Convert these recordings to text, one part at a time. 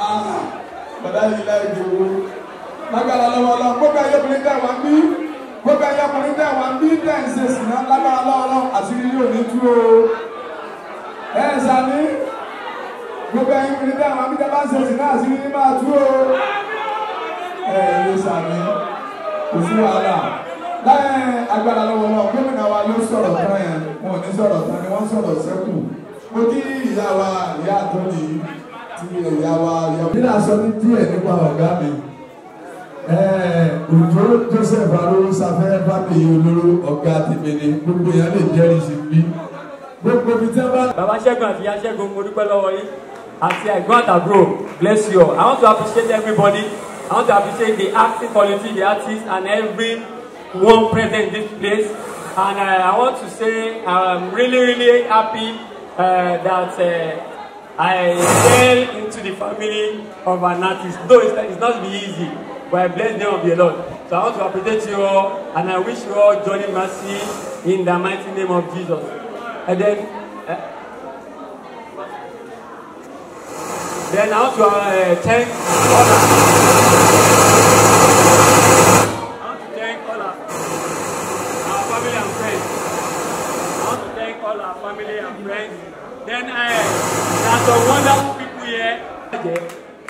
Ah, bàbá yìí láì dòwó lágbára lọ́wọ́ lọ gbogbo ayé ọkùnrin dá wa bí gbogbo ayé ọkùnrin dá wa bí tẹ̀sí sìnà lágbára lọ́wọ́ lọ àti rírì òní tú o ẹ sani gbogbo ayé ọkùnrin dá wa bí tẹ̀sí sìnà àti rírì máa tú o ẹ ẹ sani kò sí wàhálà láyé agbára lọ́wọ́ náà gómìnà wa ló sọ̀rọ̀ tán yẹn wọn ò ní sọ̀rọ̀ tán ni wọ́n sọ̀rọ̀ sẹ́kù mo kí ìyá wa ìyá àtọ́ni tí mi ò yá wa yọ. bí náà sọ ní díẹ̀ nípa ọ̀gá mi òjò Joseph Arúgbóṣafẹ́ fábíyì olóró ọ̀gá tèmi ni gbogbo yẹn lè jẹ́rìí sí bí gbogbo ibi tí bá. bàbá Ṣẹ́gun àti ìyá Ṣẹ́gun mo dúpẹ́ lọ́wọ́ yín àti ẹ̀gbọ́n àtàbúrò bless you all I want to appreciate everybody I want to appreciate the acting quality the artist and every one present in this place and uh, I want to say I'm really really happy uh, that. Uh, I fell into the family of an artist. Though it's, it's not be easy, but I bless them of the Lord. So I want to appreciate you all, and I wish you all joy and mercy in the mighty name of Jesus. And then, uh, then I want to uh, thank all our, I want to thank all our, our family and all our family and friends. Then uh, eh, there are some wonderful people here.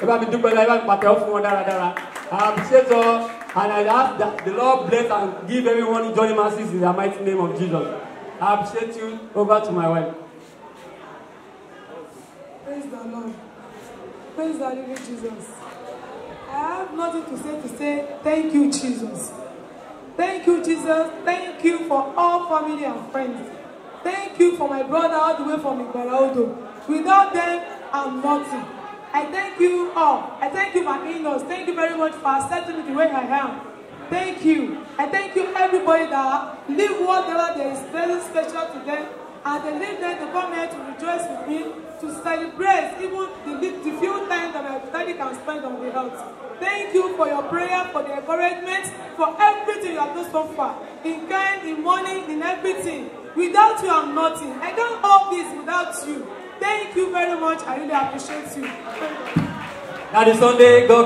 Ẹ bá mi dúpẹ́ náà, ẹ bá mi pàtẹ́wọ́ fún wọn dáradára. I appreciate all and I ask that the Lord bless and give everyone joining masses in the mighty name of Jesus. I appreciate you. Over to my wife. Praise the Lord. Praise the living Jesus. I have nothing to say to say thank you, Jesus. Thank you, Jesus. Thank you for all family and friends. Thank you for my brother all the way from Igbaraodo. Without them, I'm nothing. I thank you all. I thank you, my in-laws. Thank you very much for accepting me the way I am. Thank you. I thank you, everybody that live whatever there is very special to them. And they live there to come here to rejoice with me, to celebrate even the, the few times that my daddy can spend on the house. Thank you for your prayer, for the encouragement, for everything you have done so far. In kind, in money, in everything. Without you, I'm nothing. I don't all this without you. Thank you very much. I really appreciate you. That is Sunday. God bless.